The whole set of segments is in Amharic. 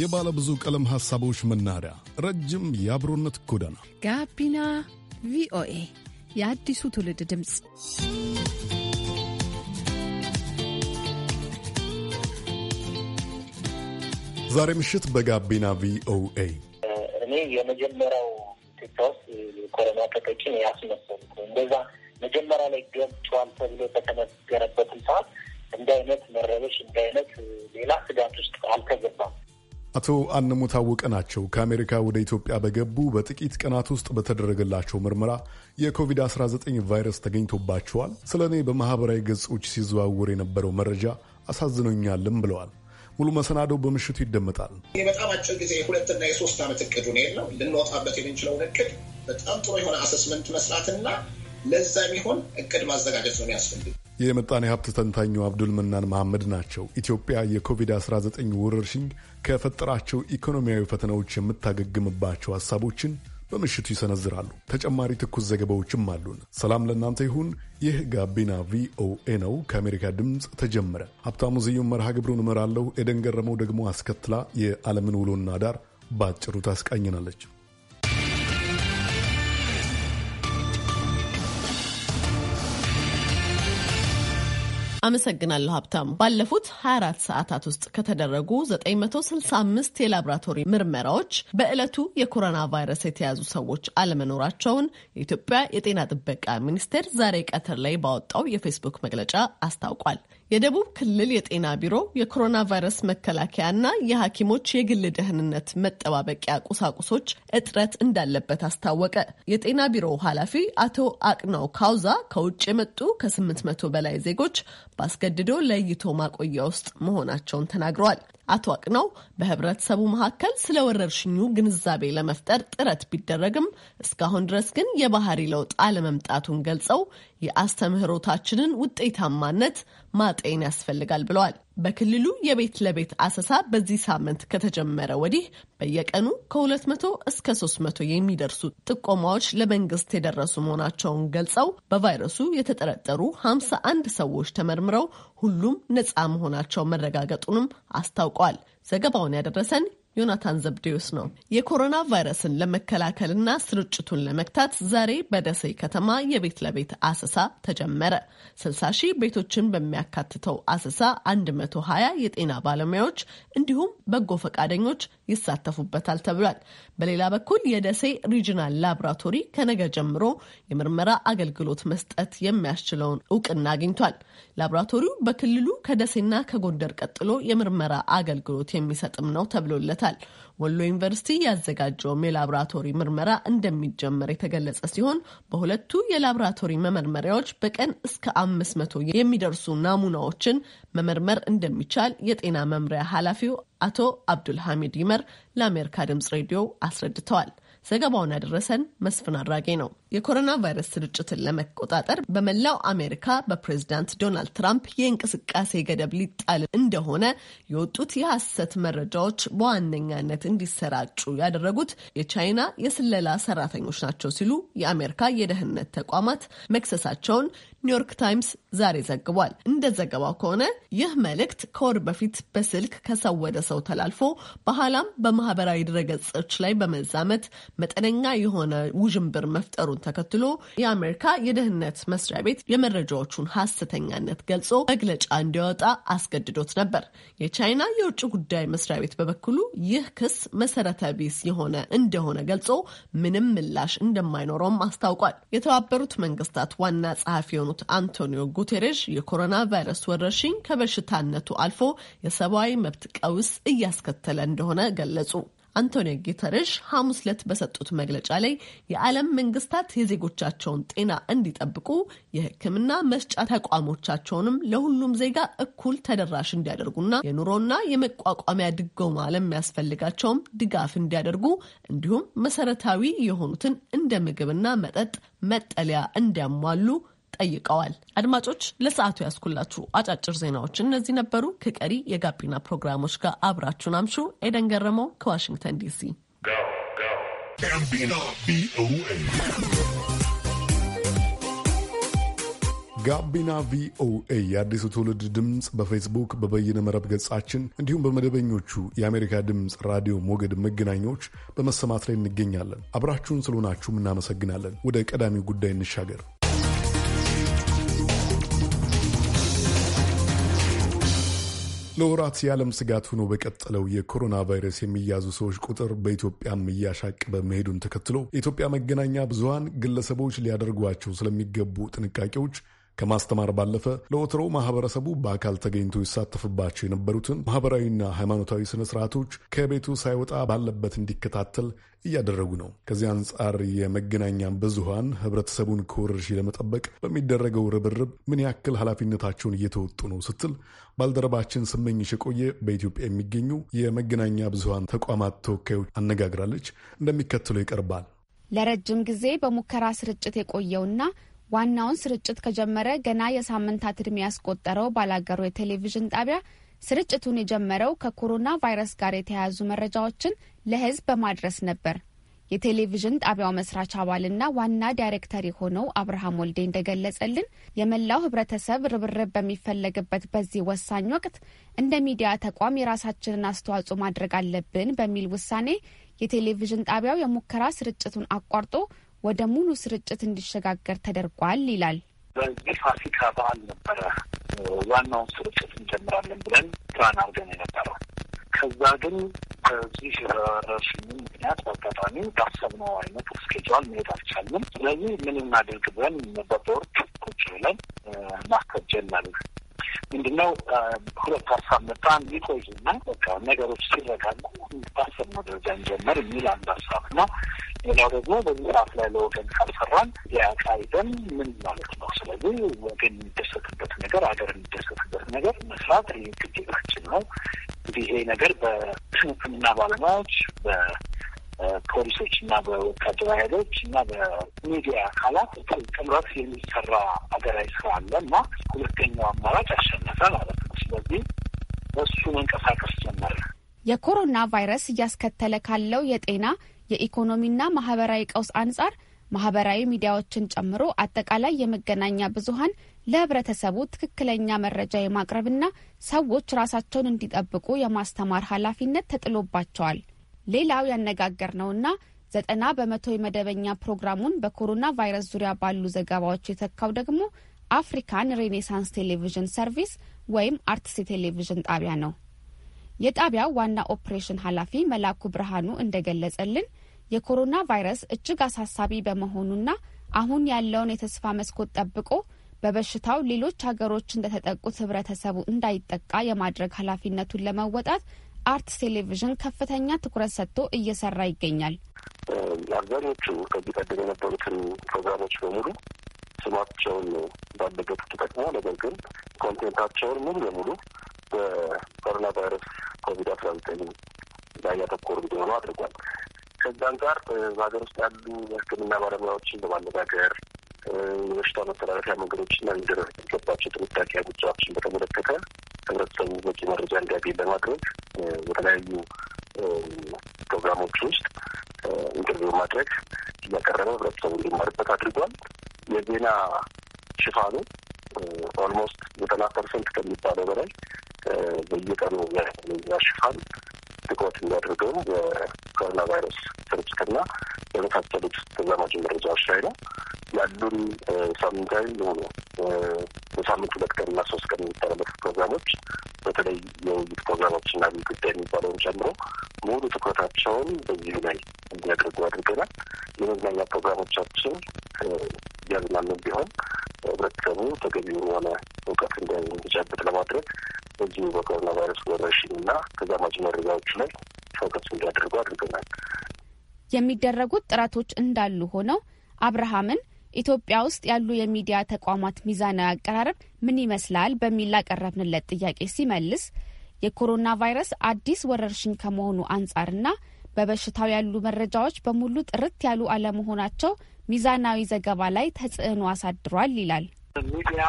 የባለ ብዙ ቀለም ሐሳቦች መናኸሪያ፣ ረጅም የአብሮነት ጎዳና ጋቢና ቪኦኤ የአዲሱ ትውልድ ድምፅ። ዛሬ ምሽት በጋቢና ቪኦኤ እኔ የመጀመሪያው ኢትዮጵያ ውስጥ የኮሮና ተጠቂን ያስመሰሉት እንደዛ መጀመሪያ ላይ ገብቷል ተብሎ በተነገረበትም ሰዓት እንደ አይነት መረበሽ እንደ አይነት ሌላ ስጋት ውስጥ አልተገባም። አቶ አነሙ ታወቀ ናቸው። ከአሜሪካ ወደ ኢትዮጵያ በገቡ በጥቂት ቀናት ውስጥ በተደረገላቸው ምርመራ የኮቪድ-19 ቫይረስ ተገኝቶባቸዋል። ስለ እኔ በማኅበራዊ ገጾች ሲዘዋወር የነበረው መረጃ አሳዝኖኛልም ብለዋል። ሙሉ መሰናዶው በምሽቱ ይደመጣል። ይህ በጣም አጭር ጊዜ የሁለትና የሶስት ዓመት እቅዱ ነው የለው ልንወጣበት የምንችለውን እቅድ በጣም ጥሩ የሆነ አሰስመንት መስራትና ለዛ የሚሆን እቅድ ማዘጋጀት ነው የሚያስፈልግ የምጣኔ ሀብት ተንታኙ አብዱል መናን መሐመድ ናቸው። ኢትዮጵያ የኮቪድ-19 ወረርሽኝ ከፈጠራቸው ኢኮኖሚያዊ ፈተናዎች የምታገግምባቸው ሀሳቦችን በምሽቱ ይሰነዝራሉ። ተጨማሪ ትኩስ ዘገባዎችም አሉን። ሰላም ለእናንተ ይሁን። ይህ ጋቢና ቪኦኤ ነው፣ ከአሜሪካ ድምፅ ተጀመረ። ሀብታሙ ዝዩም መርሃ ግብሩን እመራለሁ። ኤደን ገረመው ደግሞ አስከትላ የዓለምን ውሎና ዳር በአጭሩ ታስቃኝናለች። አመሰግናለሁ ሀብታሙ። ባለፉት 24 ሰዓታት ውስጥ ከተደረጉ 965 የላብራቶሪ ምርመራዎች በዕለቱ የኮሮና ቫይረስ የተያዙ ሰዎች አለመኖራቸውን የኢትዮጵያ የጤና ጥበቃ ሚኒስቴር ዛሬ ቀትር ላይ ባወጣው የፌስቡክ መግለጫ አስታውቋል። የደቡብ ክልል የጤና ቢሮ የኮሮና ቫይረስ መከላከያና የሐኪሞች የግል ደህንነት መጠባበቂያ ቁሳቁሶች እጥረት እንዳለበት አስታወቀ። የጤና ቢሮው ኃላፊ አቶ አቅናው ካውዛ ከውጭ የመጡ ከ800 በላይ ዜጎች በአስገድዶ ለይቶ ማቆያ ውስጥ መሆናቸውን ተናግረዋል። አቶ አቅነው በህብረተሰቡ መካከል ስለ ወረርሽኙ ግንዛቤ ለመፍጠር ጥረት ቢደረግም እስካሁን ድረስ ግን የባህሪ ለውጥ አለመምጣቱን ገልጸው የአስተምህሮታችንን ውጤታማነት ማጤን ያስፈልጋል ብለዋል። በክልሉ የቤት ለቤት አሰሳ በዚህ ሳምንት ከተጀመረ ወዲህ በየቀኑ ከ200 እስከ 300 የሚደርሱ ጥቆማዎች ለመንግስት የደረሱ መሆናቸውን ገልጸው በቫይረሱ የተጠረጠሩ 51 ሰዎች ተመርምረው ሁሉም ነፃ መሆናቸው መረጋገጡንም አስታውቀዋል። ዘገባውን ያደረሰን ዮናታን ዘብዴዎስ ነው። የኮሮና ቫይረስን ለመከላከልና ስርጭቱን ለመግታት ዛሬ በደሴ ከተማ የቤት ለቤት አሰሳ ተጀመረ። 60 ሺህ ቤቶችን በሚያካትተው አሰሳ 120 የጤና ባለሙያዎች እንዲሁም በጎ ፈቃደኞች ይሳተፉበታል ተብሏል። በሌላ በኩል የደሴ ሪጂናል ላብራቶሪ ከነገ ጀምሮ የምርመራ አገልግሎት መስጠት የሚያስችለውን እውቅና አግኝቷል። ላብራቶሪው በክልሉ ከደሴና ከጎንደር ቀጥሎ የምርመራ አገልግሎት የሚሰጥም ነው ተብሎለታል። ይጠበቃል። ወሎ ዩኒቨርሲቲ ያዘጋጀውም የላቦራቶሪ ምርመራ እንደሚጀመር የተገለጸ ሲሆን በሁለቱ የላቦራቶሪ መመርመሪያዎች በቀን እስከ አምስት መቶ የሚደርሱ ናሙናዎችን መመርመር እንደሚቻል የጤና መምሪያ ኃላፊው አቶ አብዱልሐሚድ ይመር ለአሜሪካ ድምጽ ሬዲዮ አስረድተዋል። ዘገባውን ያደረሰን መስፍን አድራጌ ነው። የኮሮና ቫይረስ ስርጭትን ለመቆጣጠር በመላው አሜሪካ በፕሬዝዳንት ዶናልድ ትራምፕ የእንቅስቃሴ ገደብ ሊጣል እንደሆነ የወጡት የሐሰት መረጃዎች በዋነኛነት እንዲሰራጩ ያደረጉት የቻይና የስለላ ሰራተኞች ናቸው ሲሉ የአሜሪካ የደህንነት ተቋማት መክሰሳቸውን ኒውዮርክ ታይምስ ዛሬ ዘግቧል። እንደ ዘገባው ከሆነ ይህ መልእክት ከወር በፊት በስልክ ከሰው ወደ ሰው ተላልፎ በኋላም በማህበራዊ ድረገጾች ላይ በመዛመት መጠነኛ የሆነ ውዥንብር መፍጠሩ መሆኑን ተከትሎ የአሜሪካ የደህንነት መስሪያ ቤት የመረጃዎቹን ሀሰተኛነት ገልጾ መግለጫ እንዲያወጣ አስገድዶት ነበር። የቻይና የውጭ ጉዳይ መስሪያ ቤት በበኩሉ ይህ ክስ መሰረተ ቢስ የሆነ እንደሆነ ገልጾ ምንም ምላሽ እንደማይኖረውም አስታውቋል። የተባበሩት መንግስታት ዋና ጸሐፊ የሆኑት አንቶኒዮ ጉቴሬሽ የኮሮና ቫይረስ ወረርሽኝ ከበሽታነቱ አልፎ የሰብአዊ መብት ቀውስ እያስከተለ እንደሆነ ገለጹ። አንቶኒ ጌተርሽ ሐሙስ ዕለት በሰጡት መግለጫ ላይ የዓለም መንግስታት የዜጎቻቸውን ጤና እንዲጠብቁ የሕክምና መስጫ ተቋሞቻቸውንም ለሁሉም ዜጋ እኩል ተደራሽ እንዲያደርጉና የኑሮና የመቋቋሚያ ድጎማ ለሚያስፈልጋቸውም ድጋፍ እንዲያደርጉ እንዲሁም መሰረታዊ የሆኑትን እንደ ምግብና መጠጥ፣ መጠለያ እንዲያሟሉ ጠይቀዋል። አድማጮች ለሰዓቱ ያስኩላችሁ አጫጭር ዜናዎች እነዚህ ነበሩ። ከቀሪ የጋቢና ፕሮግራሞች ጋር አብራችሁን አምሹ። ኤደን ገረመው ከዋሽንግተን ዲሲ ጋቢና ቪኦኤ የአዲሱ ትውልድ ድምፅ በፌስቡክ በበይነ መረብ ገጻችን እንዲሁም በመደበኞቹ የአሜሪካ ድምፅ ራዲዮ ሞገድ መገናኛዎች በመሰማት ላይ እንገኛለን። አብራችሁን ስለሆናችሁም እናመሰግናለን። ወደ ቀዳሚው ጉዳይ እንሻገር። ለወራት የዓለም ስጋት ሆኖ በቀጠለው የኮሮና ቫይረስ የሚያዙ ሰዎች ቁጥር በኢትዮጵያም እያሻቀበ መሄዱን ተከትሎ የኢትዮጵያ መገናኛ ብዙሃን ግለሰቦች ሊያደርጓቸው ስለሚገቡ ጥንቃቄዎች ከማስተማር ባለፈ ለወትሮ ማህበረሰቡ በአካል ተገኝቶ ይሳተፍባቸው የነበሩትን ማህበራዊና ሃይማኖታዊ ስነ ስርዓቶች ከቤቱ ሳይወጣ ባለበት እንዲከታተል እያደረጉ ነው። ከዚህ አንጻር የመገናኛ ብዙሃን ህብረተሰቡን ከወረርሽኝ ለመጠበቅ በሚደረገው ርብርብ ምን ያክል ኃላፊነታቸውን እየተወጡ ነው ስትል ባልደረባችን ስመኝሽ የቆየ በኢትዮጵያ የሚገኙ የመገናኛ ብዙሃን ተቋማት ተወካዮች አነጋግራለች። እንደሚከተለው ይቀርባል። ለረጅም ጊዜ በሙከራ ስርጭት የቆየውና ዋናውን ስርጭት ከጀመረ ገና የሳምንታት ዕድሜ ያስቆጠረው ባላገሩ የቴሌቪዥን ጣቢያ ስርጭቱን የጀመረው ከኮሮና ቫይረስ ጋር የተያያዙ መረጃዎችን ለህዝብ በማድረስ ነበር። የቴሌቪዥን ጣቢያው መስራች አባልና ዋና ዳይሬክተር የሆነው አብርሃም ወልዴ እንደገለጸልን የመላው ህብረተሰብ ርብርብ በሚፈለግበት በዚህ ወሳኝ ወቅት እንደ ሚዲያ ተቋም የራሳችንን አስተዋጽኦ ማድረግ አለብን በሚል ውሳኔ የቴሌቪዥን ጣቢያው የሙከራ ስርጭቱን አቋርጦ ወደ ሙሉ ስርጭት እንዲሸጋገር ተደርጓል ይላል። በዚህ ፋሲካ በዓል ነበረ ዋናውን ስርጭት እንጀምራለን ብለን ፕላን አድርገን የነበረው። ከዛ ግን በዚህ ረሽኙ ምክንያት በአጋጣሚ ባሰብነው አይነት እስኬጅዋል መሄድ አልቻልንም። ስለዚህ ምን እናድርግ ብለን በቦርድ ቁጭ ብለን ማሰብ ጀመርን። ምንድነው ሁለት ሀሳብ መጣን። ይቆይና በቃ ነገሮች ሲረጋጉ ባሰብነው ደረጃ እንጀምር የሚል አንድ ሀሳብ ነው። ሌላው ደግሞ በምዕራፍ ላይ ለወገን ካልሰራን የአቃይ ምን ማለት ነው? ስለዚህ ወገን የሚደሰትበት ነገር፣ አገር የሚደሰትበት ነገር መስራት ግዴታችን ነው። እንግዲህ ይሄ ነገር በሕክምና ባለሙያዎች በፖሊሶች እና በወታደራዊ ኃይሎች እና በሚዲያ አካላት ጥምረት የሚሰራ አገራዊ ስራ አለ እና ሁለተኛው አማራጭ አሸነፈ ማለት ነው። ስለዚህ በሱ መንቀሳቀስ ጀመረ። የኮሮና ቫይረስ እያስከተለ ካለው የጤና የኢኮኖሚና ማህበራዊ ቀውስ አንጻር ማህበራዊ ሚዲያዎችን ጨምሮ አጠቃላይ የመገናኛ ብዙሀን ለህብረተሰቡ ትክክለኛ መረጃ የማቅረብና ሰዎች ራሳቸውን እንዲጠብቁ የማስተማር ኃላፊነት ተጥሎባቸዋል። ሌላው ያነጋገር ነውና ዘጠና በመቶ የመደበኛ ፕሮግራሙን በኮሮና ቫይረስ ዙሪያ ባሉ ዘገባዎች የተካው ደግሞ አፍሪካን ሬኔሳንስ ቴሌቪዥን ሰርቪስ ወይም አርትስ ቴሌቪዥን ጣቢያ ነው። የጣቢያው ዋና ኦፕሬሽን ኃላፊ መላኩ ብርሃኑ እንደገለጸልን የኮሮና ቫይረስ እጅግ አሳሳቢ በመሆኑና አሁን ያለውን የተስፋ መስኮት ጠብቆ በበሽታው ሌሎች ሀገሮች እንደተጠቁት ህብረተሰቡ እንዳይጠቃ የማድረግ ኃላፊነቱን ለመወጣት አርት ቴሌቪዥን ከፍተኛ ትኩረት ሰጥቶ እየሰራ ይገኛል። አብዛኞቹ ከዚህ ቀደም የነበሩትን ፕሮግራሞች በሙሉ ስማቸውን ባለበት ተጠቅሞ ነገር ግን ኮንቴንታቸውን ሙሉ በሙሉ በኮሮና ቫይረስ ኮቪድ አስራ ዘጠኝ ላይ ያተኮሩ እንዲሆኑ አድርጓል። ከዛም ጋር በሀገር ውስጥ ያሉ የሕክምና ባለሙያዎችን በማነጋገር የበሽታ መተላለፊያ መንገዶችና ሊደረግ የሚገባቸው ጥንቃቄ እርምጃዎችን በተመለከተ ህብረተሰቡ በቂ መረጃ እንዲያገኝ በማድረግ በተለያዩ ፕሮግራሞች ውስጥ ኢንተርቪው ማድረግ እያቀረበ ህብረተሰቡ እንዲማርበት አድርጓል። የዜና ሽፋኑ ኦልሞስት ዘጠና ፐርሰንት ከሚባለው በላይ በየቀኑ ሽፋን ትኩረት የሚያደርገው የኮሮና ቫይረስ ስርጭትና የመሳሰሉት ተዛማጅ መረጃዎች ላይ ነው። ያሉን ሳምንታዊ የሆኑ የሳምንት ሁለት ቀን እና ሶስት ቀን የሚተላለፉ ፕሮግራሞች በተለይ የውይይት ፕሮግራሞችና ልዩ ጉዳይ የሚባለውን ጨምሮ ሙሉ ትኩረታቸውን በዚሁ ላይ እንዲያደርጉ አድርገናል። የመዝናኛ ፕሮግራሞቻችን እያዝናኑን ቢሆን ህብረተሰቡ ተገቢውን የሆነ እውቀት እንዲጨብጥ ለማድረግ በዚሁ በኮሮና ቫይረስ ወረርሽኝ እና ተዛማጅ መረጃዎች ላይ ፎከስ እንዲያደርጉ አድርገናል። የሚደረጉት ጥረቶች እንዳሉ ሆነው አብርሃምን ኢትዮጵያ ውስጥ ያሉ የሚዲያ ተቋማት ሚዛናዊ አቀራረብ ምን ይመስላል በሚል ላቀረብንለት ጥያቄ ሲመልስ የኮሮና ቫይረስ አዲስ ወረርሽኝ ከመሆኑ አንጻርና በበሽታው ያሉ መረጃዎች በሙሉ ጥርት ያሉ አለመሆናቸው ሚዛናዊ ዘገባ ላይ ተጽዕኖ አሳድሯል ይላል። ሚዲያ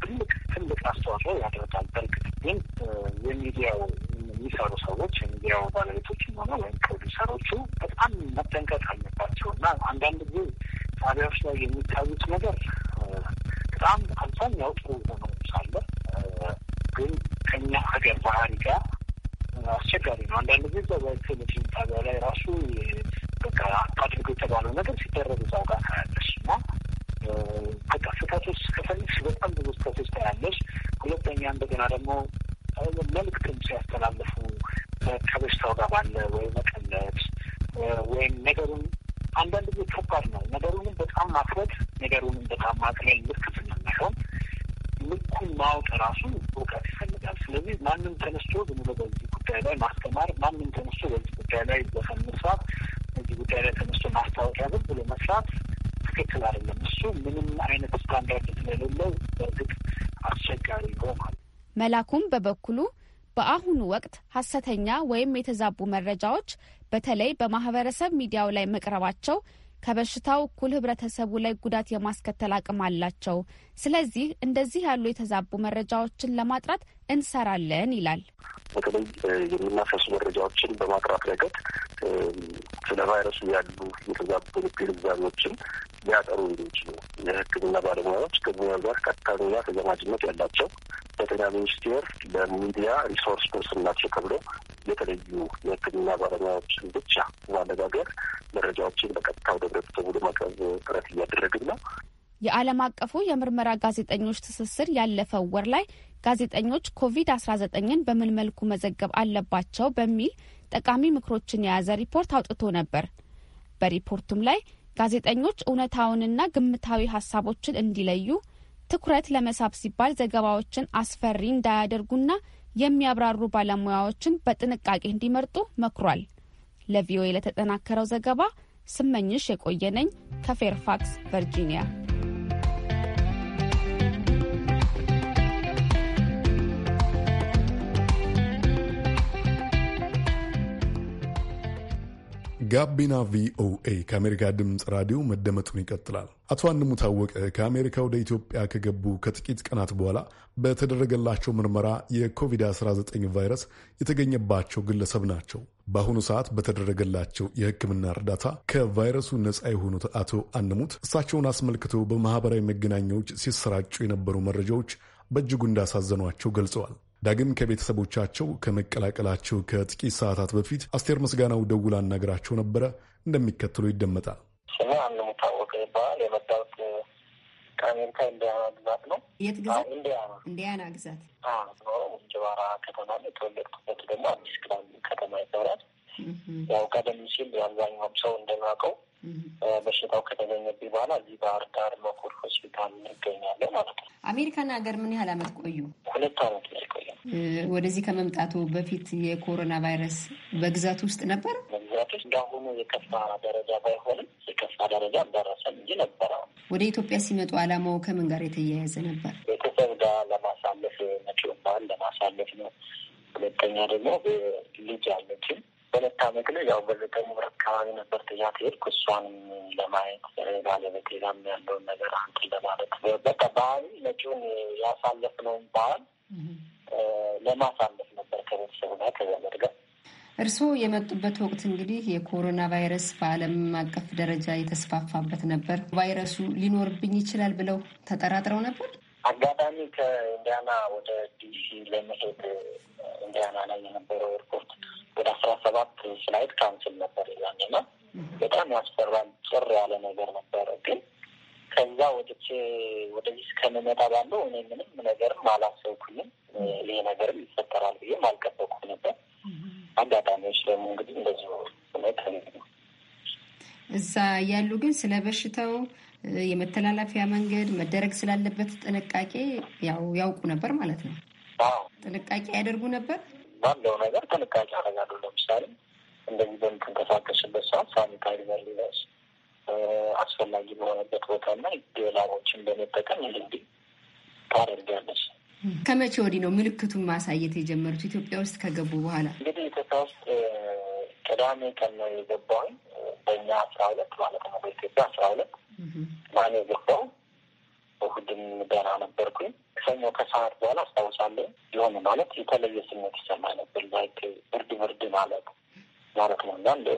ትልቅ ትልቅ አስተዋጽኦ ያደርጋል። በእርግጥ ግን የሚዲያው የሚሰሩ ሰዎች የሚዲያው ባለቤቶች ሆነ ወይም ፕሮዲሰሮቹ በጣም መጠንቀቅ አለባቸው እና አንዳንድ ጊዜ ጣቢያዎች ላይ የሚታዩት ነገር በጣም አብዛኛው ጥሩ ሆኖ ሳለ ግን ከኛ ሀገር ባህሪ ጋር አስቸጋሪ ነው። አንዳንድ ጊዜ በቴሌቪዥን ጣቢያ ላይ ራሱ በቃ አድርገው የተባለው ነገር ሲደረግ እዛው ጋር ታያለሽ እና በቃ ስህተቶች ከፈልግሽ በጣም ብዙ ስህተቶች ታያለሽ። ሁለተኛ እንደገና ደግሞ መልዕክትም ሲያስተላልፉ ከበሽታው ጋር ባለ ወይ መቀለድ ወይም ነገሩን አንዳንድ ጊዜ ከባድ ነው። ነገሩንም በጣም ማፍረት ነገሩንም በጣም ማቅለል መላኩም በበኩሉ በአሁኑ ወቅት ሀሰተኛ ወይም የተዛቡ መረጃዎች በተለይ በማህበረሰብ ሚዲያው ላይ መቅረባቸው ከበሽታው እኩል ህብረተሰቡ ላይ ጉዳት የማስከተል አቅም አላቸው። ስለዚህ እንደዚህ ያሉ የተዛቡ መረጃዎችን ለማጥራት እንሰራለን ይላል። በተለይ የሚናፈሱ መረጃዎችን በማጥራት ረገድ ስለ ቫይረሱ ያሉ የተዛቡ ግንዛቤዎችን ሊያጠሩ እንዲችሉ የሕክምና ባለሙያዎች ከሙያ ጋር ቀጥተኛ ተዘማጅነት ያላቸው በጤና ሚኒስቴር ለሚዲያ ሪሶርስ ፐርሰን ናቸው ተብሎ የተለዩ የሕክምና ባለሙያዎችን ብቻ ማነጋገር መረጃዎችን በቀጥታ ወደ ህብረተሰቡ ለማቅረብ ጥረት እያደረግን ነው። የዓለም አቀፉ የምርመራ ጋዜጠኞች ትስስር ያለፈው ወር ላይ ጋዜጠኞች ኮቪድ-19ን በምን መልኩ መዘገብ አለባቸው በሚል ጠቃሚ ምክሮችን የያዘ ሪፖርት አውጥቶ ነበር። በሪፖርቱም ላይ ጋዜጠኞች እውነታውንና ግምታዊ ሀሳቦችን እንዲለዩ፣ ትኩረት ለመሳብ ሲባል ዘገባዎችን አስፈሪ እንዳያደርጉና የሚያብራሩ ባለሙያዎችን በጥንቃቄ እንዲመርጡ መክሯል። ለቪኦኤ ለተጠናከረው ዘገባ ስመኝሽ የቆየነኝ ከፌርፋክስ ቨርጂኒያ ጋቢና ቪኦኤ ከአሜሪካ ድምፅ ራዲዮ መደመጡን ይቀጥላል። አቶ አንሙ ታወቀ ከአሜሪካ ወደ ኢትዮጵያ ከገቡ ከጥቂት ቀናት በኋላ በተደረገላቸው ምርመራ የኮቪድ-19 ቫይረስ የተገኘባቸው ግለሰብ ናቸው። በአሁኑ ሰዓት በተደረገላቸው የሕክምና እርዳታ ከቫይረሱ ነፃ የሆኑት አቶ አንሙት እሳቸውን አስመልክቶ በማህበራዊ መገናኛዎች ሲሰራጩ የነበሩ መረጃዎች በእጅጉ እንዳሳዘኗቸው ገልጸዋል። ዳግም ከቤተሰቦቻቸው ከመቀላቀላቸው ከጥቂት ሰዓታት በፊት አስቴር ምስጋናው ደውላ አናገራቸው ነበረ። እንደሚከትለው ይደመጣል። ስሜ አንዱ ሙታወቀ ይባላል። የመጣሁት ከአሜሪካ ኢንዲያና ግዛት ነው። የት ግዛት? ኢንዲያና ግዛት ኖሮ ጅባራ ከተማ የተወለድኩበት ደግሞ አዲስ ክላ ከተማ ይባላል። ያው ቀደም ሲል አብዛኛውም ሰው እንደሚያውቀው በሽታው ከተገኘብኝ በኋላ እዚህ ባህር ዳር መኮድ ሆስፒታል ይገኛለሁ ማለት ነው። አሜሪካን ሀገር ምን ያህል አመት ቆዩ? ሁለት አመት ነው የቆየ። ወደዚህ ከመምጣቱ በፊት የኮሮና ቫይረስ በግዛት ውስጥ ነበር። በግዛት ውስጥ እንዳሁኑ የከፋ ደረጃ ባይሆንም የከፋ ደረጃ አልደረሰም እንጂ ነበረ። ወደ ኢትዮጵያ ሲመጡ አላማው ከምን ጋር የተያያዘ ነበር? ቤተሰብ ጋር ለማሳለፍ መጪውን በዓል ለማሳለፍ ነው። ሁለተኛ ደግሞ ልጅ አለችም በሁለት ዓመት ላይ ያው በዘጠኝ ወር አካባቢ ነበር ጥያት ሄድኩ እሷንም ለማየት ባለቤቴ ጋርም ያለውን ነገር አንትን ለማለት በቃ ባህሪ መጪውን ያሳለፍነውን በዓል ለማሳለፍ ነበር ከቤተሰቡ ጋር ከዘመድ ጋር። እርስዎ የመጡበት ወቅት እንግዲህ የኮሮና ቫይረስ በዓለም አቀፍ ደረጃ የተስፋፋበት ነበር። ቫይረሱ ሊኖርብኝ ይችላል ብለው ተጠራጥረው ነበር። አጋጣሚ ከኢንዲያና ወደ ዲሲ ለመሄድ ኢንዲያና ላይ የነበረው ኤርፖርት ወደ አስራ ሰባት ስላይድ ካውንስል ነበር ያኔና በጣም ያስፈራል። ጭር ያለ ነገር ነበረ። ግን ከዛ ወጥቼ ወደዚህ እስከምመጣ ባለው እኔ ምንም ነገርም አላሰብኩኝም። ይህ ነገርም ይፈጠራል ብዬም አልጠበኩም ነበር። አጋጣሚዎች ደግሞ እንግዲህ እንደዚሁ ሁኔታ እዛ ያሉ ግን ስለ በሽታው የመተላለፊያ መንገድ መደረግ ስላለበት ጥንቃቄ ያው ያውቁ ነበር ማለት ነው። ጥንቃቄ ያደርጉ ነበር። ባለው ነገር ጥንቃቄ አደርጋለሁ። ለምሳሌ እንደዚህ በምትንቀሳቀስበት ሰዓት ሳኒታሪ ቨርሊቨርስ አስፈላጊ በሆነበት ቦታ ቦታና ላቦችን በመጠቀም እንግዲህ ታደርጋለች። ከመቼ ወዲህ ነው ምልክቱን ማሳየት የጀመሩት? ኢትዮጵያ ውስጥ ከገቡ በኋላ እንግዲህ ኢትዮጵያ ውስጥ ቅዳሜ ቀን ነው የገባሁኝ። በእኛ አስራ ሁለት ማለት ነው፣ በኢትዮጵያ አስራ ሁለት ማን የገባው እሑድም ደህና ነበርኩኝ። ሰኞ ከሰዓት በኋላ አስታውሳለሁ። የሆነ ማለት የተለየ ስሜት ይሰማ ነበር። ላይክ ብርድ ብርድ ማለት ማለት ነው እና እንደ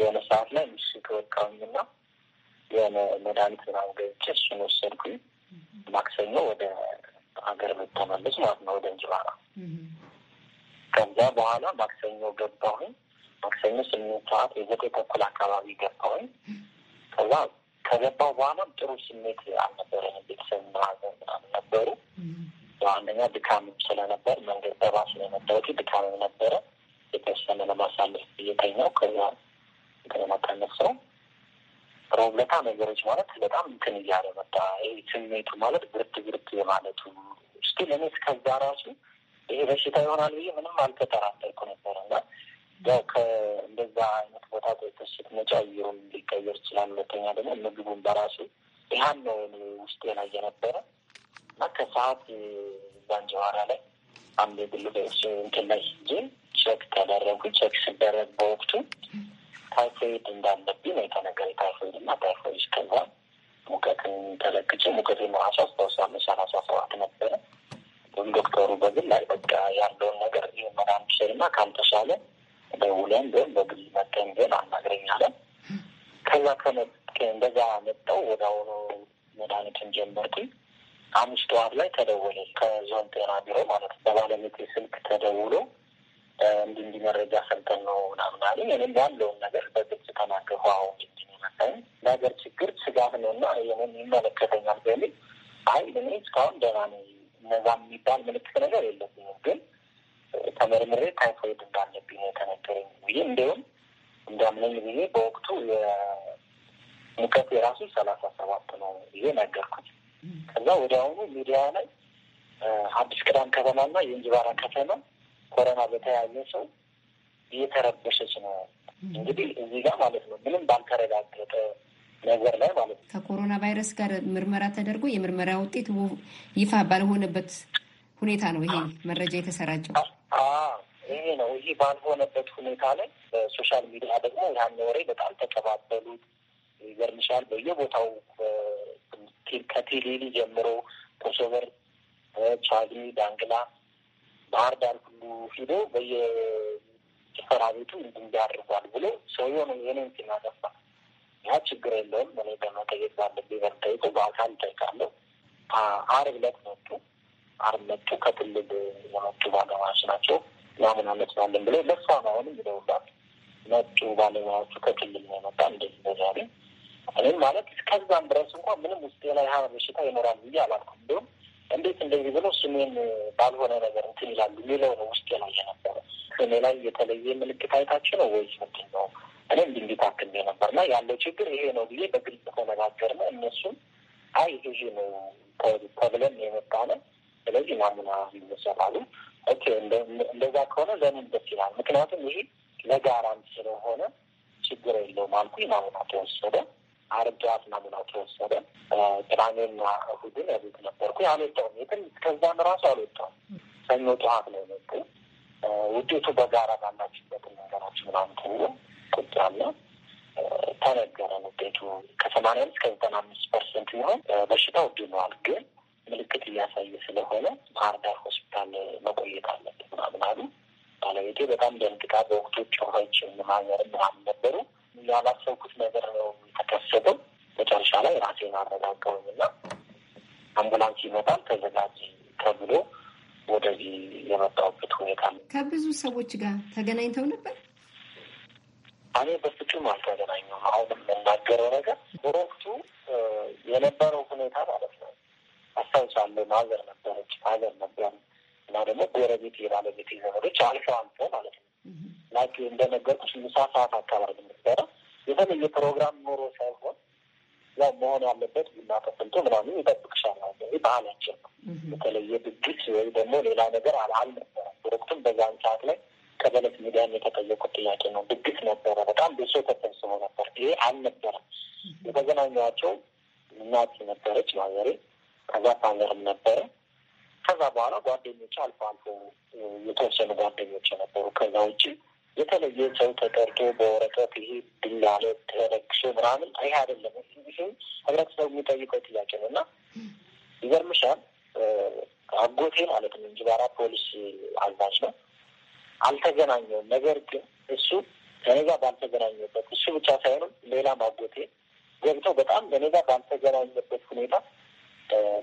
የሆነ ሰዓት ላይ ምሽት ና የሆነ መድኃኒት ምናምን ገብቼ እሱን ወሰድኩኝ። ማክሰኞ ወደ ሀገር ብተመለስ ማለት ነው ወደ እንጅባራ። ከዛ በኋላ ማክሰኞ ገባሁኝ። ማክሰኞ ስምንት ሰዓት የዘጠኝ ተኩል አካባቢ ገባሁኝ። ከዛ ከገባሁ በኋላም ጥሩ ስሜት አልነበረኝም። ቤተሰብ ማዘን ምናምን ነበሩ በአንደኛ ድካምም ስለነበር መንገድ በባሱ ነው የመጣሁት። ድካምም ነበረ። የተወሰነ ለማሳለፍ እየተኛው ከዛ ከተማካነት ሰው ረብለታ ነገሮች ማለት በጣም እንትን እያለ መጣ። ይህ ስሜቱ ማለት ብርድ ብርድ ማለቱ ስቲል እኔ እስከዛ ራሱ ይሄ በሽታ ይሆናል ብዬ ምንም አልተጠራጠርኩ ነበር እና ያው ከእንደዛ አይነት ቦታ ቆይተሽ ስትመጪ አየሩም ሊቀየር ይችላል። ሁለተኛ ደግሞ ምግቡን በራሱ ይህን ነው ውስጤ ላይ የነበረ እና ከሰዓት ዛንጀዋራ ላይ አንድ የግል እንትን ላይ ሄጄ ቼክ ተደረጉ። ቼክ ሲደረግ በወቅቱ ታይፎይድ እንዳለብኝ ነው የተነገረኝ። ታይፎይድ እና ታይፎይድ ከዛ ሙቀትን ተለክቼ ሙቀት የመዋሳ አስታውሳ ሰላሳ ሰባት ነበረ። ዶክተሩ በግል ላይ በቃ ያለውን ነገር መዳምሰል ና ካልተሻለ ደውለን ቢሆን እንግዲህ እዚህ ጋር ማለት ነው ምንም ባልተረጋገጠ ነገር ላይ ማለት ነው ከኮሮና ቫይረስ ጋር ምርመራ ተደርጎ የምርመራ ውጤት ይፋ ባልሆነበት ሁኔታ ነው ይሄ መረጃ የተሰራጨው። ይሄ ነው ይሄ ባልሆነበት ሁኔታ ላይ በሶሻል ሚዲያ ደግሞ ያን ወሬ በጣም ተቀባበሉት። ይገርምሻል በየቦታው ከቴሌሊ ጀምሮ ኮሶበር፣ ቻሊ፣ ዳንግላ፣ ባህር ዳር ሁሉ ሂዶ በየ ጭፈራ ቤቱ እንዲህ አድርጓል ብሎ ሰውየውን የኔን ሲናገባ ያ ችግር የለውም። እኔ በመጠየቅ ባለብኝ በመጠየቁ በአካል እጠይቃለሁ። አርብ ዕለት መጡ። አርብ መጡ። ከክልል የመጡ ባለሙያዎች ናቸው። ያምን አመት ባለን ብለው ለሷ አሁንም ይደውላሉ። መጡ ባለሙያዎቹ ከክልል ነው የመጣ እንደዚህ እንደዚህ አለኝ። እኔም ማለት እስከዛም ድረስ እንኳ ምንም ውስጤ ላይ ሀ በሽታ ይኖራል ብዬ አላልኩም። እንዲሁም እንዴት እንደዚህ ብሎ ስሜን ባልሆነ ነገር እንትን ይላሉ የሚለው ነው ውስጤ ነው እኔ ላይ የተለየ ምልክት አይታችሁ ነው ወይስ ምንድን ነው? እኔ እንዲህ ታክሜ ነበር እና ያለው ችግር ይሄ ነው ብዬ በግልጽ ተነጋገር ነው። እነሱም አይ ይሄ ነው ተብለን የመጣ ነው። ስለዚህ ናሙና ይመሰላሉ። ኦኬ እንደዛ ከሆነ ለምን ደስ ይላል። ምክንያቱም ይሄ ለጋራም ስለሆነ ችግር የለውም አልኩኝ። ናሙና ተወሰደ። አርብ ጠዋት ናሙና ተወሰደ። ቅዳሜና እሑድን እቤት ነበርኩኝ። አልወጣሁም የትም ከዛም ራሱ አልወጣሁም። ሰኞ ጠዋት ነው ውጤቱ በጋራ ባላችበት ነገራችን ምናምን ተብሎ ቁጭ አለ ተነገረን። ውጤቱ ከሰማንያ እስከ ዘጠና አምስት ፐርሰንት ይሆን በሽታው ድኗል፣ ግን ምልክት እያሳየ ስለሆነ ባህር ዳር ሆስፒታል መቆየት አለበት ምናምን አሉ። ባለቤቴ በጣም ደንግጣ በወቅቱ ጮኸች። ማገር ምናምን ነበሩ። ያላሰብኩት ነገር ነው የተከሰተው። መጨረሻ ላይ ራሴን አረጋጋሁኝና አምቡላንስ ይመጣል ተዘጋጅ ተብሎ ወደዚህ የመጣሁበት ሁኔታ ነው። ከብዙ ሰዎች ጋር ተገናኝተው ነበር። እኔ በፍጹም አልተገናኘሁም። አሁን የምናገረው ነገር በወቅቱ የነበረው ሁኔታ ማለት ነው። አስታውሳለሁ። ማዘር ነበረች፣ ሀዘር ነበር እና ደግሞ ጎረቤት የባለቤት ዘመዶች አልፎ አልፎ ማለት ነው ላ እንደነገርኩሽ ምሳ ሰዓት አካባቢ ነበረ የተለየ ፕሮግራም ኖሮ ሳይሆን ያው መሆን ያለበት ቡና ተፈልቶ ምናምን ይጠብቅሻል ባህላችን ነው። የተለየ ድግት ወይ ደግሞ ሌላ ነገር አልነበረም። በወቅቱም በዛን ሰዓት ላይ ከበለት ሚዲያም የተጠየቁት ጥያቄ ነው። ድግት ነበረ፣ በጣም ብሶ ተሰብስበው ነበር። ይሄ አልነበረም። የተገናኟቸው እናት ነበረች ማዘሬ፣ ከዛ ፓነርም ነበረ። ከዛ በኋላ ጓደኞች አልፎ አልፎ የተወሰኑ ጓደኞች ነበሩ። ከዛ ውጭ የተለየ ሰው ተጠርቶ በወረቀት ይሄ ድኛለት ተለግሶ ምናምን ይህ አይደለም። ይሄ ህብረተሰቡ የሚጠይቀው ጥያቄ ነው እና ይገርምሻል፣ አጎቴ ማለት ነው እንጂ እንጅባራ ፖሊስ አዛዥ ነው። አልተገናኘውም። ነገር ግን እሱ ከኔ ጋር ባልተገናኘበት እሱ ብቻ ሳይሆንም ሌላም አጎቴ ገብተው በጣም ከኔ ጋር ባልተገናኘበት ሁኔታ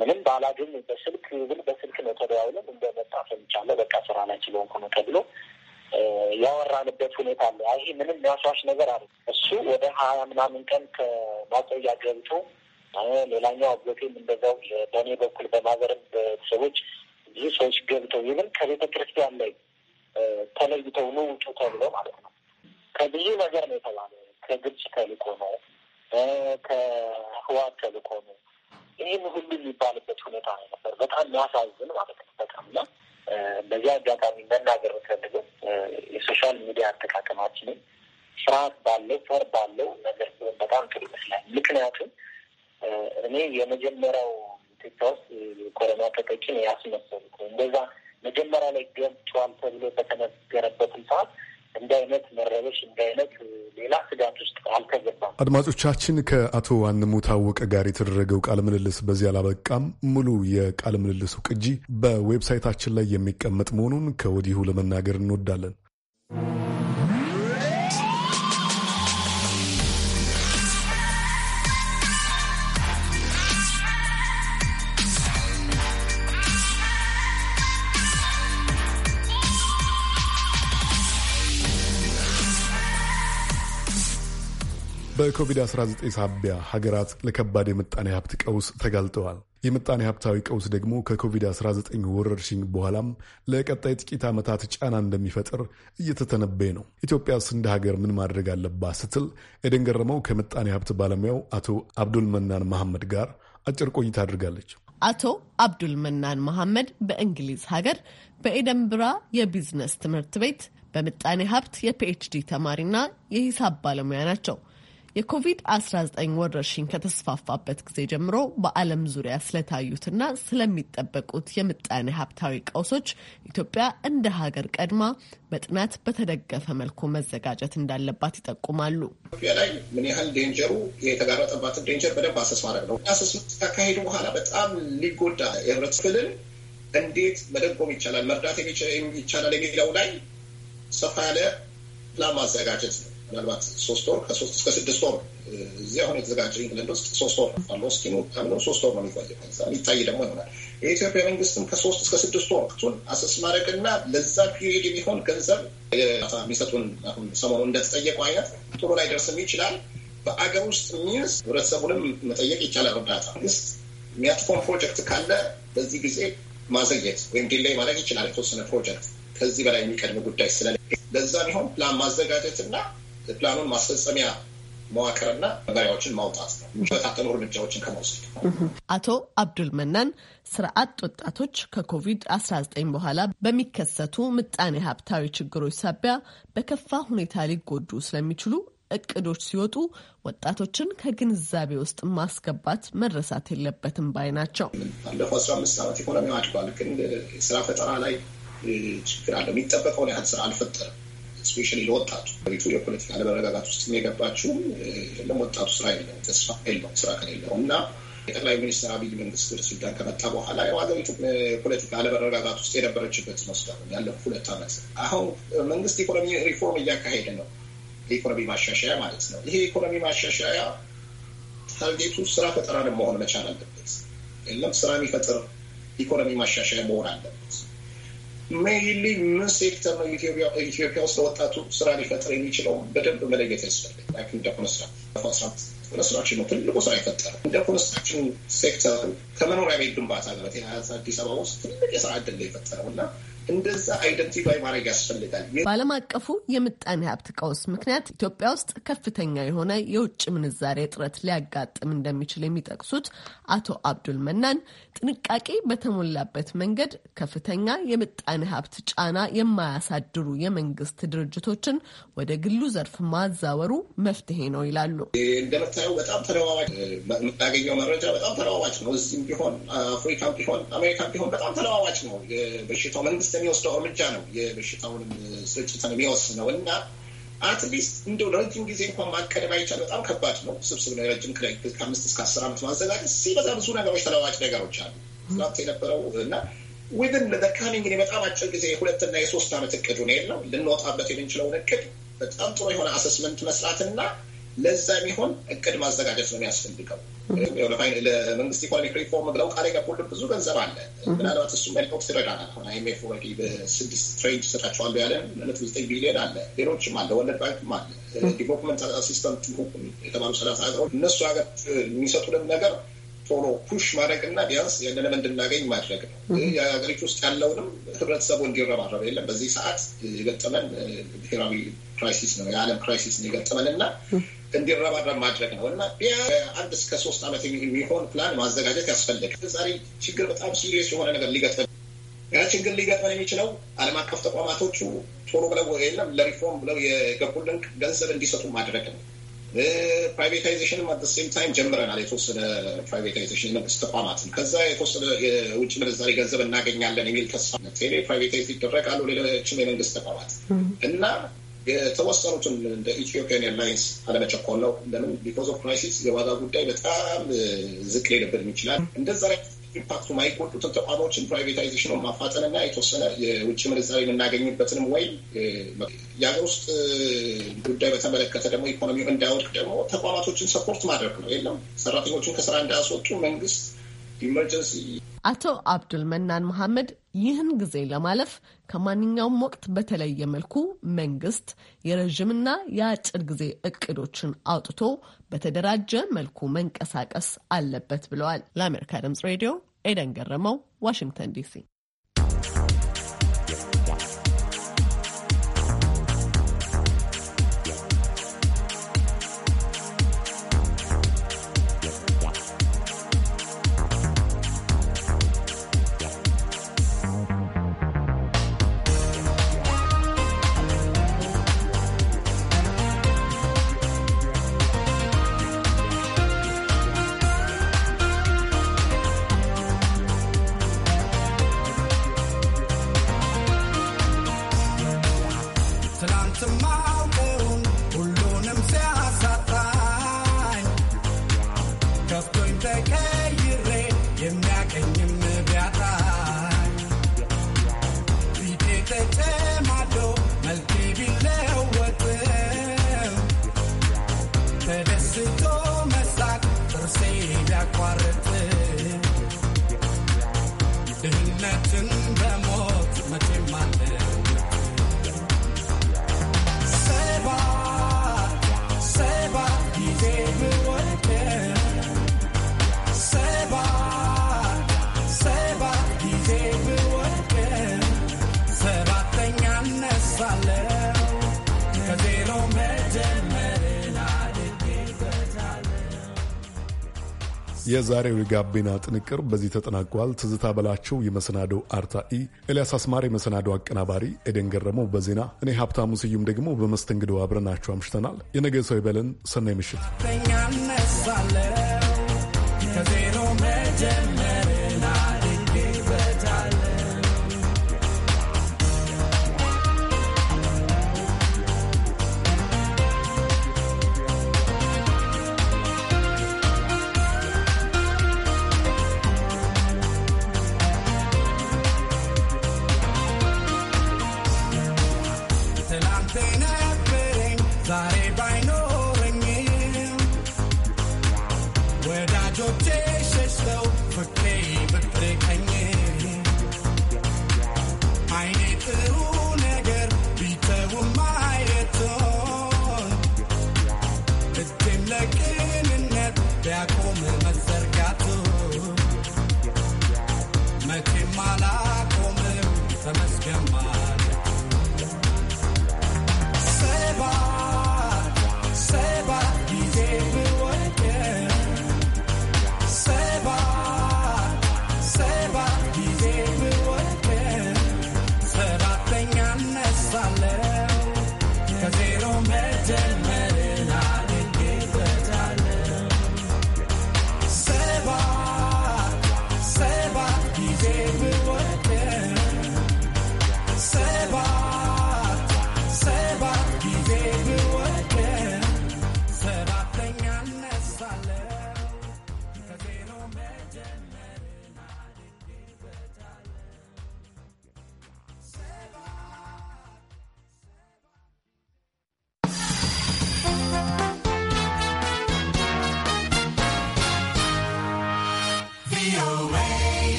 ምንም ባላገኝ በስልክ ብል በስልክ ነው ተደዋውለን እንደመጣ ሰምቻለሁ። በቃ ስራ ላይ ስለሆንኩ ነው ተብሎ ያወራንበት ሁኔታ አለ። ይሄ ምንም የሚያስዋሽ ነገር አለ። እሱ ወደ ሀያ ምናምን ቀን ከማቆያ ገብቶ ሌላኛው አጎቴም እንደዛው በእኔ በኩል በማህበር ቤተሰቦች ብዙ ሰዎች ገብተው ይብን ከቤተ ክርስቲያን ላይ ተለይተው ነው ውጡ ተብሎ ማለት ነው። ከብዙ ነገር ነው የተባለ ከግብጽ ተልኮ ነው ከህዋት ተልኮ ነው ይህን ሁሉ የሚባልበት ሁኔታ ነው ነበር። በጣም የሚያሳዝን ማለት ነው በጣም እና በዚህ አጋጣሚ መናገር የምፈልገው የሶሻል ሚዲያ አጠቃቀማችንን ስርዓት ባለው ፈር ባለው ነገር ሲሆን በጣም ጥሩ ይመስላል። ምክንያቱም እኔ የመጀመሪያው ኢትዮጵያ ውስጥ ኮሮና ተጠቂን ያስመሰሉ እንደዛ መጀመሪያ ላይ ገብቷል ተብሎ በተነገረበትን ሰዓት እንደ አይነት መረበሽ እንደ አይነት ሌላ ስጋት ውስጥ አልተገባም። አድማጮቻችን ከአቶ ዋንሙ ታወቀ ጋር የተደረገው ቃለ ምልልስ በዚህ አላበቃም። ሙሉ የቃለ ምልልሱ ቅጂ በዌብሳይታችን ላይ የሚቀመጥ መሆኑን ከወዲሁ ለመናገር እንወዳለን። በኮቪድ-19 ሳቢያ ሀገራት ለከባድ የምጣኔ ሀብት ቀውስ ተጋልጠዋል። የምጣኔ ሀብታዊ ቀውስ ደግሞ ከኮቪድ-19 ወረርሽኝ በኋላም ለቀጣይ ጥቂት ዓመታት ጫና እንደሚፈጥር እየተተነበየ ነው። ኢትዮጵያስ እንደ ሀገር ምን ማድረግ አለባት ስትል ኤደን ገረመው ከምጣኔ ሀብት ባለሙያው አቶ አብዱል መናን መሐመድ ጋር አጭር ቆይታ አድርጋለች። አቶ አብዱል መናን መሐመድ በእንግሊዝ ሀገር በኤደንብራ የቢዝነስ ትምህርት ቤት በምጣኔ ሀብት የፒኤችዲ ተማሪና የሂሳብ ባለሙያ ናቸው። የኮቪድ-19 ወረርሽኝ ከተስፋፋበት ጊዜ ጀምሮ በዓለም ዙሪያ ስለታዩትና ስለሚጠበቁት የምጣኔ ሀብታዊ ቀውሶች ኢትዮጵያ እንደ ሀገር ቀድማ በጥናት በተደገፈ መልኩ መዘጋጀት እንዳለባት ይጠቁማሉ። ኢትዮጵያ ላይ ምን ያህል ዴንጀሩ የተጋረጠባትን ዴንጀር በደንብ አሰስ ማድረግ ነው። አሰስ ካካሄዱ በኋላ በጣም ሊጎዳ የህብረት ክፍልን እንዴት መደጎም ይቻላል፣ መርዳት ይቻላል የሚለው ላይ ሰፋ ያለ ፕላን ማዘጋጀት ነው። ምናልባት ሶስት ወር ከሶስት እስከ ስድስት ወር እዚያ አሁን የተዘጋጀ ኢንግለንድ ውስጥ ሶስት ወር አለ እስኪሙ ከምኖ ሶስት ወር ነው የሚቆየው። ይታይ ደግሞ ይሆናል። የኢትዮጵያ መንግስትም ከሶስት እስከ ስድስት ወቅቱን አሰስ ማድረግ ማድረግና ለዛ ፒሪድ የሚሆን ገንዘብ የሚሰጡን አሁን ሰሞኑ እንደተጠየቁ አይነት ጥሩ ላይ ደርስም ይችላል። በአገር ውስጥ ሚንስ ህብረተሰቡንም መጠየቅ ይቻላል። እርዳታ ስ የሚያጥፎን ፕሮጀክት ካለ በዚህ ጊዜ ማዘየት ወይም ዲላይ ማድረግ ይችላል። የተወሰነ ፕሮጀክት ከዚህ በላይ የሚቀድም ጉዳይ ስለሌለ ለዛ ሚሆን ፕላን ማዘጋጀት እና ፕላኑን ማስፈጸሚያ መዋቅርና መመሪያዎችን ማውጣት ነው፣ የሚበታተኑ እርምጃዎችን ከመውሰድ። አቶ አብዱል መናን ስርዓት ወጣቶች ከኮቪድ-19 በኋላ በሚከሰቱ ምጣኔ ሀብታዊ ችግሮች ሳቢያ በከፋ ሁኔታ ሊጎዱ ስለሚችሉ እቅዶች ሲወጡ ወጣቶችን ከግንዛቤ ውስጥ ማስገባት መረሳት የለበትም ባይ ናቸው። ባለፈው አስራ አምስት ዓመት ኢኮኖሚ አድጓል፣ ግን ስራ ፈጠራ ላይ ችግር አለው። የሚጠበቀውን ያህል ስራ አልፈጠርም። ስፔሻሊ ለወጣቱ ሀገሪቱ የፖለቲካ አለመረጋጋት ውስጥ የገባችው ለወጣቱ ስራ የለው ተስፋ የለው ስራ ከሌለው እና የጠቅላይ ሚኒስትር አብይ መንግስት ወደ ስልጣን ከመጣ በኋላ የሀገሪቱ ፖለቲካ አለመረጋጋት ውስጥ የነበረችበት ነው እስካሁን ያለፉ ሁለት ዓመት። አሁን መንግስት ኢኮኖሚ ሪፎርም እያካሄደ ነው፣ የኢኮኖሚ ማሻሻያ ማለት ነው። ይሄ የኢኮኖሚ ማሻሻያ ታርጌቱ ስራ ፈጠራ መሆን መቻል አለበት። የለም ስራ የሚፈጥር ኢኮኖሚ ማሻሻያ መሆን አለበት። ሜይሊ ምን ሴክተር ነው ኢትዮጵያ ውስጥ ለወጣቱ ስራ ሊፈጥር የሚችለው በደንብ መለየት ያስፈልግ እንደ ኮንስትራክሽን ነው ትልቁ ስራ የፈጠረ እንደ ኮንስትራክሽን ሴክተር ከመኖሪያ ቤት ግንባታ ጋር በተያያዘ አዲስ አበባ ውስጥ ትልቅ የስራ እድል ነው የፈጠረው እና እንደዛ አይደንቲፋይ ማድረግ ያስፈልጋል። በዓለም አቀፉ የምጣኔ ሀብት ቀውስ ምክንያት ኢትዮጵያ ውስጥ ከፍተኛ የሆነ የውጭ ምንዛሬ እጥረት ሊያጋጥም እንደሚችል የሚጠቅሱት አቶ አብዱል መናን ጥንቃቄ በተሞላበት መንገድ ከፍተኛ የምጣኔ ሀብት ጫና የማያሳድሩ የመንግስት ድርጅቶችን ወደ ግሉ ዘርፍ ማዛወሩ መፍትሄ ነው ይላሉ። እንደምታየው በጣም ተለዋዋጭ የምናገኘው መረጃ በጣም ተለዋዋጭ ነው። እዚህም ቢሆን አፍሪካም ቢሆን አሜሪካም ቢሆን በጣም ተለዋዋጭ ነው በሽታው መንግስት የሚወስደው እርምጃ ነው የበሽታውን ስርጭትን የሚወስነው እና አትሊስት እንደው ለረጅም ጊዜ እንኳን ማቀድ ባይቻል በጣም ከባድ ነው፣ ስብስብ ነው። የረጅም ክላይ ከአምስት እስከ አስር ዓመት ማዘጋጀት ሲ በጣም ብዙ ነገሮች ተለዋጭ ነገሮች አሉ። ስላት የነበረው እና ዊዝን ለካሚንግ በጣም አጭር ጊዜ የሁለትና የሶስት ዓመት ሁኔል ነው ልንወጣበት የምንችለውን እቅድ በጣም ጥሩ የሆነ አሰስመንት መስራትና ለዛ የሚሆን እቅድ ማዘጋጀት ነው የሚያስፈልገው። ለመንግስት ኢኮኖሚክ ሪፎርም ብለው ቃል የገቡልን ብዙ ገንዘብ አለ። ምናልባት እሱም በሊቆክስ ይረዳናል። አሁን አይምኤፍ ወዲ በስድስት ትሬድ ይሰጣቸዋሉ ያለ መቶ ዘጠኝ ቢሊዮን አለ። ሌሎችም አለ፣ ወለድ ባንክም አለ፣ ዲቨሎፕመንት አሲስተንት የተባሉ ሰላሳ ሀገሮች እነሱ ሀገር የሚሰጡልን ነገር ቶሎ ፑሽ ማድረግ እና ቢያንስ ያንንም እንድናገኝ ማድረግ ነው። የሀገሪቱ ውስጥ ያለውንም ህብረተሰቡ እንዲረባረብ የለም በዚህ ሰዓት የገጠመን ብሔራዊ ክራይሲስ ነው፣ የዓለም ክራይሲስ ነው የገጠመን እና እንዲረባረብ ማድረግ ነው እና አንድ እስከ ሶስት ዓመት የሚሆን ፕላን ማዘጋጀት ያስፈልግ። ዛሬ ችግር በጣም ሲሪየስ የሆነ ነገር ሊገጥመን ያ ችግር ሊገጥመን የሚችለው ዓለም አቀፍ ተቋማቶቹ ቶሎ ብለው የለም ለሪፎርም ብለው የገቡልን ገንዘብ እንዲሰጡ ማድረግ ነው። ፕራይቬታይዜሽንም አት ሴም ታይም ጀምረናል። የተወሰነ ፕራይቬታይዜሽን የመንግስት ተቋማት ከዛ የተወሰነ የውጭ ምንዛሬ ገንዘብ እናገኛለን የሚል ተስፋ ቴሌ ፕራይቬታይዝ ሊደረግ አሉ። ሌሎችም የመንግስት ተቋማት እና የተወሰኑትን እንደ ኢትዮጵያን ኤርላይንስ አለመቸኮል ነው። ለምን ቢኮዝ ኦፍ ክራይሲስ የዋጋ ጉዳይ በጣም ዝቅ ሊልብን ይችላል እንደዛ ላይ ኢምፓክቱ የማይጎዱትን ተቋሞችን ፕራይቬታይዜሽን ማፋጠንና የተወሰነ የውጭ ምንዛሬ የምናገኝበትንም ወይም የሀገር ውስጥ ጉዳይ በተመለከተ ደግሞ ኢኮኖሚው እንዳይወድቅ ደግሞ ተቋማቶችን ሰፖርት ማድረግ ነው። የለም ሰራተኞችን ከስራ እንዳያስወጡ መንግስት አቶ አብዱል መናን መሐመድ ይህን ጊዜ ለማለፍ ከማንኛውም ወቅት በተለየ መልኩ መንግስት የረዥምና የአጭር ጊዜ እቅዶችን አውጥቶ በተደራጀ መልኩ መንቀሳቀስ አለበት ብለዋል። ለአሜሪካ ድምጽ ሬዲዮ ኤደን ገረመው፣ ዋሽንግተን ዲሲ ተቀይሬ የሚያገኝም ቢያጣ ፊቴ ተጨማዶ መልኬ ቢለወጥ ተደስቶ መሳቅ ጥርሴ ቢያቋርጥ የዛሬው የጋቢና ጥንቅር በዚህ ተጠናቋል። ትዝታ በላቸው የመሰናዶ አርታኢ፣ ኤልያስ አስማር የመሰናዶ አቀናባሪ፣ ኤደን ገረመው በዜና እኔ ሀብታሙ ስዩም ደግሞ በመስተንግዶ አብረናችሁ አምሽተናል። የነገ ሰው ይበለን። ሰናይ ምሽት።